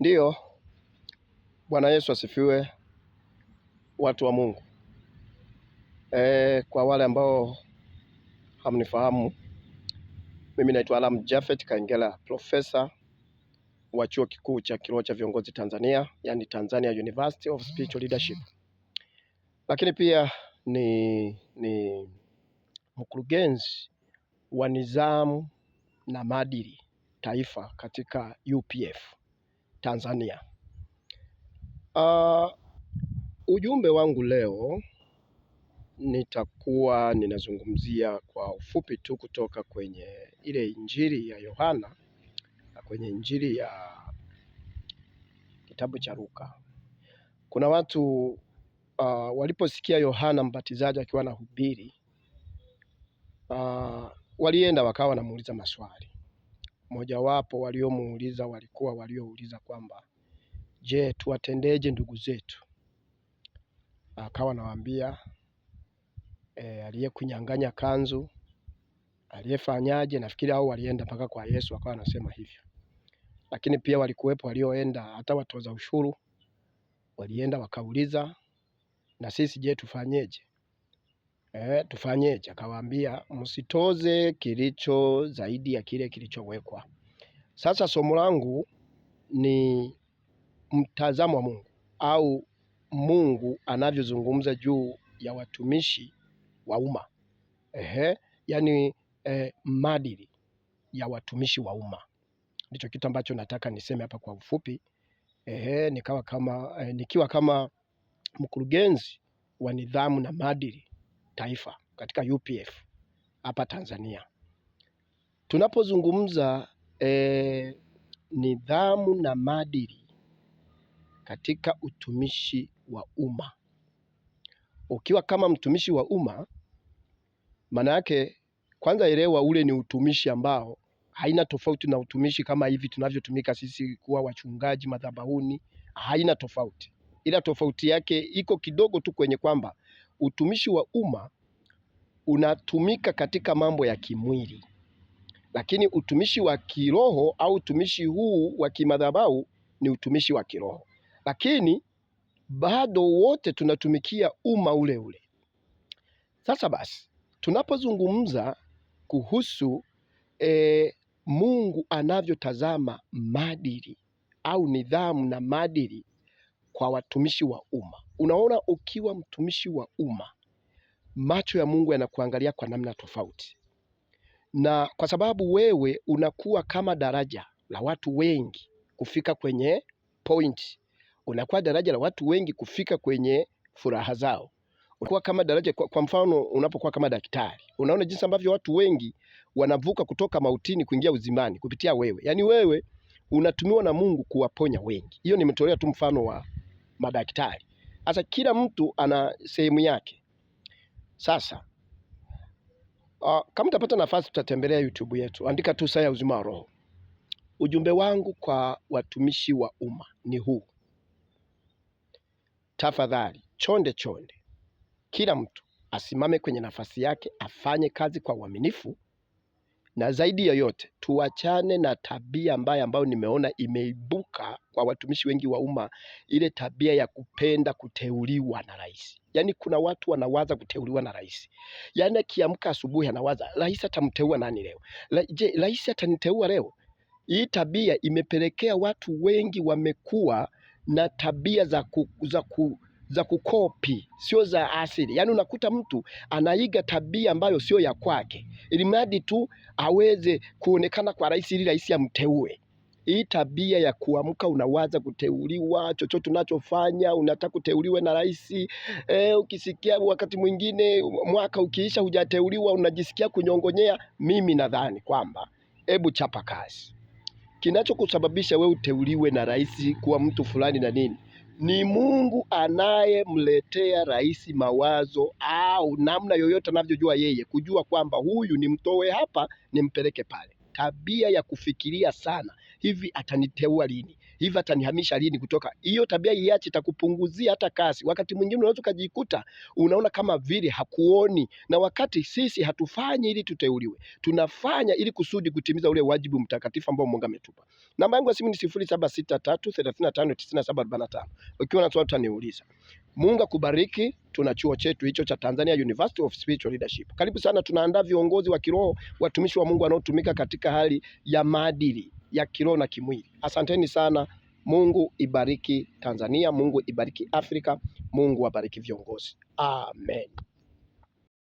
Ndiyo, Bwana Yesu asifiwe, watu wa Mungu. E, kwa wale ambao hamnifahamu, mimi naitwa Alam Jafet Kaingela, profesa wa chuo kikuu cha Kiroho cha Viongozi Tanzania, yani Tanzania University of Spiritual Leadership, lakini pia ni, ni mkurugenzi wa nizamu na maadili taifa katika UPF Tanzania. Uh, ujumbe wangu leo nitakuwa ninazungumzia kwa ufupi tu kutoka kwenye ile Injili ya Yohana na kwenye Injili ya kitabu cha Luka. Kuna watu uh, waliposikia Yohana Mbatizaji akiwa anahubiri uh, walienda wakawa wanamuuliza maswali Mojawapo waliomuuliza walikuwa waliouliza kwamba je, tuwatendeje ndugu zetu? Akawa anawaambia e, aliyekunyang'anya kanzu aliyefanyaje, nafikiri au walienda mpaka kwa Yesu, akawa anasema hivyo. Lakini pia walikuwepo walioenda hata watoza ushuru walienda wakauliza, na sisi je, tufanyeje? eh, tufanyeje? Akawaambia msitoze kilicho zaidi ya kile kilichowekwa. Sasa somo langu ni mtazamo wa Mungu au Mungu anavyozungumza juu ya watumishi wa umma ehe, yani eh, maadili ya watumishi wa umma ndicho kitu ambacho nataka niseme hapa kwa ufupi. Ehe, nikawa kama eh, nikiwa kama mkurugenzi wa nidhamu na maadili taifa katika UPF hapa Tanzania. Tunapozungumza e, nidhamu na maadili katika utumishi wa umma, ukiwa kama mtumishi wa umma, maana yake kwanza, elewa ule ni utumishi ambao haina tofauti na utumishi kama hivi tunavyotumika sisi kuwa wachungaji madhabahuni, haina tofauti, ila tofauti yake iko kidogo tu kwenye kwamba utumishi wa umma unatumika katika mambo ya kimwili, lakini utumishi wa kiroho au utumishi huu wa kimadhabahu ni utumishi wa kiroho, lakini bado wote tunatumikia umma ule ule. Sasa basi, tunapozungumza kuhusu e, Mungu anavyotazama maadili au nidhamu na maadili kwa watumishi wa umma, Unaona, ukiwa mtumishi wa umma, macho ya Mungu yanakuangalia kwa namna tofauti, na kwa sababu wewe unakuwa kama daraja la watu wengi kufika kwenye point, unakuwa daraja la watu wengi kufika kwenye furaha zao unakuwa kama daraja kwa, kwa mfano unapokuwa kama daktari, unaona jinsi ambavyo watu wengi wanavuka kutoka mautini kuingia uzimani kupitia wewe. Yaani wewe unatumiwa na Mungu kuwaponya wengi. Hiyo nimetolea tu mfano wa madaktari. Sasa kila mtu ana sehemu yake. Sasa uh, kama utapata nafasi tutatembelea YouTube yetu, andika tu Saa ya Uzima wa Roho. Ujumbe wangu kwa watumishi wa umma ni huu: tafadhali, chonde chonde, kila mtu asimame kwenye nafasi yake, afanye kazi kwa uaminifu na zaidi ya yote, tuachane na tabia mbaya ambayo nimeona imeibuka kwa watumishi wengi wa umma, ile tabia ya kupenda kuteuliwa na rais. Yaani kuna watu wanawaza kuteuliwa na rais, yaani akiamka asubuhi anawaza rais atamteua nani leo? Je, rais ataniteua leo? Hii tabia imepelekea watu wengi wamekuwa na tabia za ku, za ku za kukopi, sio za asili. Yaani unakuta mtu anaiga tabia ambayo sio ya kwake, ili mradi tu aweze kuonekana kwa rais, ili rais amteue. Hii tabia ya kuamka unawaza kuteuliwa, chochote unachofanya unataka kuteuliwe na rais. E, eh, ukisikia wakati mwingine mwaka ukiisha hujateuliwa unajisikia kunyongonyea. Mimi nadhani kwamba hebu chapa kazi, kinachokusababisha we uteuliwe na rais kuwa mtu fulani na nini ni Mungu anayemletea rais mawazo au namna yoyote anavyojua yeye, kujua kwamba huyu nimtoe hapa nimpeleke pale tabia ya kufikiria sana, hivi ataniteua lini? Hivi atanihamisha lini? Kutoka hiyo tabia iache, itakupunguzia hata kasi. Wakati mwingine unaweza ukajikuta unaona kama vile hakuoni, na wakati sisi hatufanyi ili tuteuliwe, tunafanya ili kusudi kutimiza ule wajibu mtakatifu ambao Mungu ametupa. Namba yangu ya simu ni sifuri saba sita tatu thelathini na tano tisini na saba arobaini na tano. Ukiwa na swali utaniuliza. Mungu akubariki. Tuna chuo chetu hicho cha Tanzania University of Spiritual Leadership. Karibu sana. Tunaandaa viongozi wa kiroho, watumishi wa Mungu wanaotumika katika hali ya maadili ya kiroho na kimwili. Asanteni sana. Mungu ibariki Tanzania, Mungu ibariki Afrika, Mungu abariki viongozi. Amen.